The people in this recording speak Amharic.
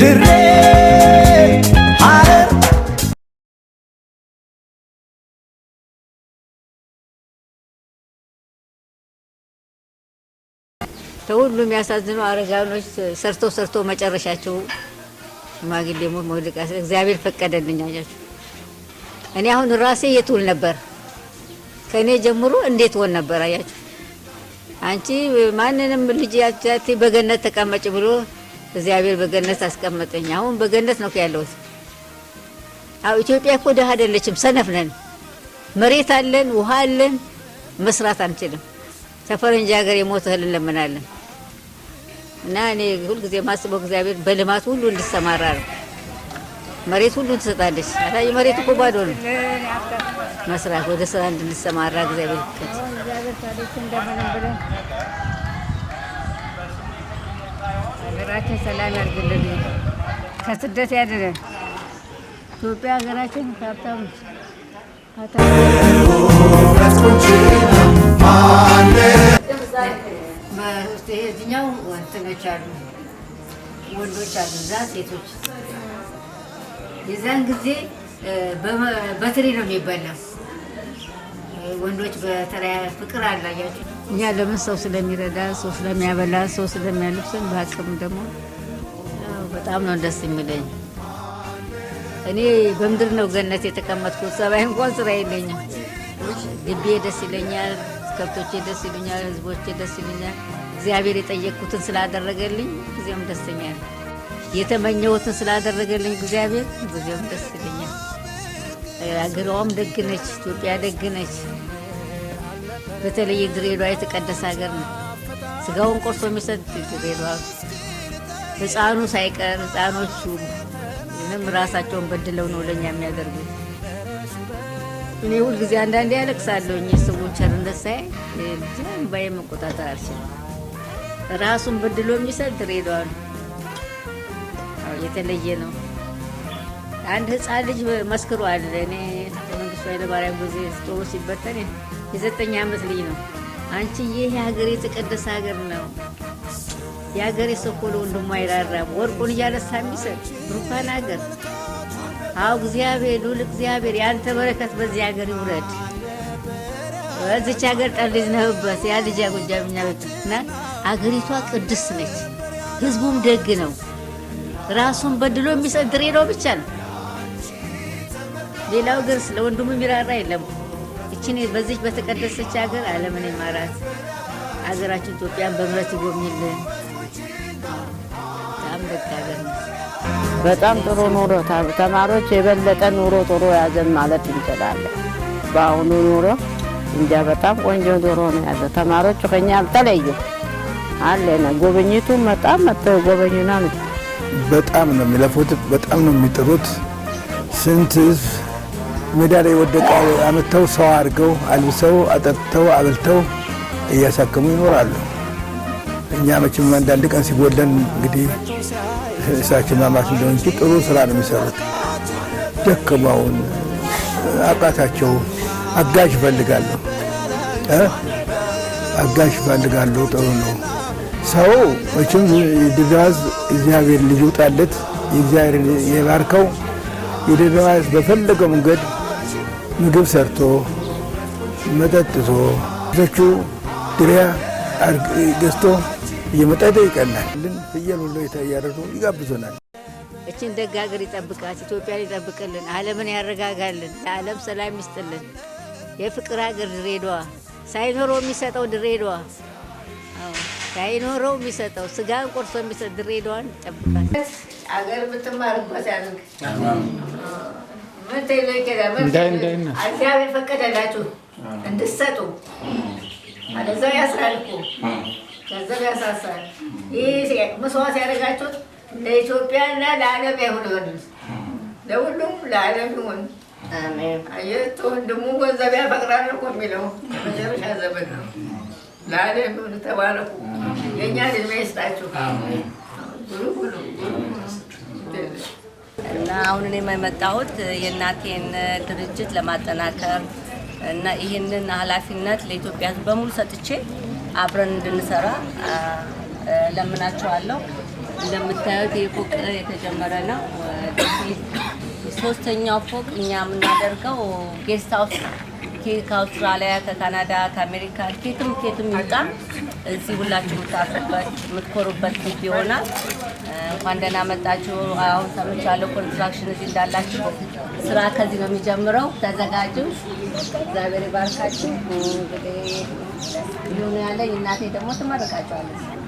ድሬ ሐረር ተሁሉ የሚያሳዝነው አረጋኖች ሰርተው ሰርተው መጨረሻቸው ሽማግሌ ሞት መውደቃ። እግዚአብሔር ፈቀደልኝ አያችሁ። እኔ አሁን ራሴ የት ውል ነበር ከእኔ ጀምሮ እንዴት ሆን ነበር አያችሁ። አንቺ ማንንም ልጅ በገነት ተቀመጭ ብሎ እግዚአብሔር በገነት አስቀመጠኝ። አሁን በገነት ነው ያለሁት። አው ኢትዮጵያ እኮ ደሃ አይደለችም፣ ሰነፍ ነን። መሬት አለን፣ ውሃ አለን፣ መስራት አንችልም። ተፈረንጅ ሀገር የሞተ እህል እንለምናለን። እና እኔ ሁልጊዜ ማስበው እግዚአብሔር በልማት ሁሉ እንድሰማራ ነው። መሬት ሁሉ ትሰጣለች። አታይ መሬት እኮ ባዶ ነው። መስራት ወደ ስራ እንድንሰማራ እግዚአብሔር ሀገራችን ሰላም ያድርግልን፣ ከስደት ያድነን። ኢትዮጵያ ሀገራችን ሀብታም እዚህኛው እንትኖች አሉ፣ ወንዶች አሉ፣ እዛ ሴቶች። የዛን ጊዜ በትሪ ነው የሚበላው ወንዶች በተለያ ፍቅር አላያቸው እኛ ለምን ሰው ስለሚረዳ ሰው ስለሚያበላ ሰው ስለሚያልብስን በአቅም ደግሞ በጣም ነው ደስ የሚለኝ። እኔ በምድር ነው ገነት የተቀመጥኩት። ሰባይ እንኳን ስራ የለኝም። ግቤ ደስ ይለኛል፣ ከብቶቼ ደስ ይሉኛል፣ ህዝቦቼ ደስ ይሉኛል። እግዚአብሔር የጠየቅኩትን ስላደረገልኝ ጊዜም ደስተኛል። የተመኘሁትን ስላደረገልኝ እግዚአብሔር ጊዜም ደስ ይለኛል። አገሯም ደግ ነች። ኢትዮጵያ ደግ ነች። በተለይ ድሬዳዋ የተቀደሰ ሀገር ነው። ስጋውን ቆርሶ የሚሰጥ ድሬዳዋ ህፃኑ ሳይቀር ህፃኖቹ ምንም ራሳቸውን በድለው ነው ለእኛ የሚያደርጉት። እኔ ሁልጊዜ አንዳንዴ ያለቅሳለሁ እ ሰውን ቸርነት ሳይ ባይ መቆጣጠር አልችልም። ራሱን በድሎ የሚሰጥ ድሬዳዋ ነው። የተለየ ነው። አንድ ህፃን ልጅ መስክሯል። እኔ መንግስቱ ኃይለማርያም ጊዜ ጦሩ ሲበተን የዘጠኝ ዓመት ልጅ ነው። አንቺ ይህ የሀገር የተቀደሰ ሀገር ነው፣ የሀገር ሰው ወንድሞ ለወንድሙ አይራራም፣ ወርቁን እያነሳ የሚሰጥ ብሩካን ሀገር። አዎ እግዚአብሔር ሉል እግዚአብሔር የአንተ በረከት በዚህ ሀገር ይውረድ። በዚች ሀገር ጠልጅ ነህበት ያ ልጅ ያጎጃምኛ እና አገሪቷ ቅድስ ነች፣ ህዝቡም ደግ ነው። ራሱን በድሎ የሚሰጥ ድሬ ነው ብቻ ነው። ሌላው ግን ስለ ወንድሙ የሚራራ የለም። እችን በዚች በተቀደሰች ሀገር ዓለምን የማራት ሀገራችን ኢትዮጵያን በምረት ይጎብኝልን። በጣም ደግ ሀገር ነው። በጣም ጥሩ ኑሮ ተማሪዎች የበለጠ ኑሮ ጥሩ ያዘን ማለት እንችላለን። በአሁኑ ኑሮ እንጃ በጣም ቆንጆ ኑሮ ነው ያለ። ተማሪዎች ከኛ አልተለዩም አለነ። ጉብኝቱ በጣም መጥተው ጎበኙና በጣም ነው የሚለፉት፣ በጣም ነው የሚጥሩት ስንት ህዝብ ሜዳ ላይ ወደቀ አምጥተው ሰው አድርገው አልብሰው አጠጥተው አብልተው እያሳከሙ ይኖራሉ። እኛ መቼም አንዳንድ ቀን ሲጎለን እንግዲህ እሳችን ማማት እንደሆን እንጂ ጥሩ ስራ ነው የሚሰሩት። ደከማውን አቃታቸው አጋዥ ይፈልጋሉ አጋዥ ይፈልጋሉ። ጥሩ ነው። ሰው መቼም ድጋዝ እግዚአብሔር ልጅ ውጣለት የእግዚአብሔር የባርከው የድጋዝ በፈለገው መንገድ ምግብ ሰርቶ መጠጥቶ ዘቹ ድሪያ ገዝቶ እየመጣ ይጠይቀናል። ልን ፍየል ሁሉ እያረዱ ይጋብዞናል። እችን ደግ ሀገር ይጠብቃት፣ ኢትዮጵያን ይጠብቅልን፣ ዓለምን ያረጋጋልን፣ ለዓለም ሰላም ይስጥልን። የፍቅር ሀገር ድሬዳዋ ሳይኖረው የሚሰጠው ድሬዳዋ ሳይኖረው የሚሰጠው ስጋን ቆርሶ የሚሰጥ ድሬዳዋን ይጠብቃል። አገር የምትማርበት ያድርግ። አዚያ የፈቀደላችሁ እንድትሰጡ አለዛው ያስራል ገንዘብ ያሳሳል። ይህ መስዋዕት ያደረጋችሁት ለኢትዮጵያና ለዓለም አይሆን ለሁሉም ለዓለም ይሁን። አየት ወንድሙ ገንዘብ ያፈቅራል እኮ የሚለው መጨረሻ ዘመን ነው። ለዓለም ይሁን። ተባረኩ። የእኛን ይስጣችሁ። አሁን እኔም የመጣሁት የእናቴን ድርጅት ለማጠናከር እና ይህንን ኃላፊነት ለኢትዮጵያ በሙሉ ሰጥቼ አብረን እንድንሰራ ለምናቸዋለሁ። እንደምታዩት ይህ ፎቅ የተጀመረ ነው። ሶስተኛው ፎቅ እኛ የምናደርገው ጌስት ሀውስ ከአውስትራሊያ፣ ከካናዳ፣ ከአሜሪካ ኬትም ኬትም ይውጣ እዚህ ሁላችሁ የምታፍሩበት የምትኮሩበት ይሆናል። እንኳን ደህና መጣችሁ። አሁን ሰምቻለሁ ኮንስትራክሽን እዚህ እንዳላችሁ ስራ ከዚህ ነው የሚጀምረው። ተዘጋጁ። እግዚአብሔር ይባርካችሁ። እንግዲህ ያለ ያለኝ እናቴ ደግሞ ትመርቃችኋለች።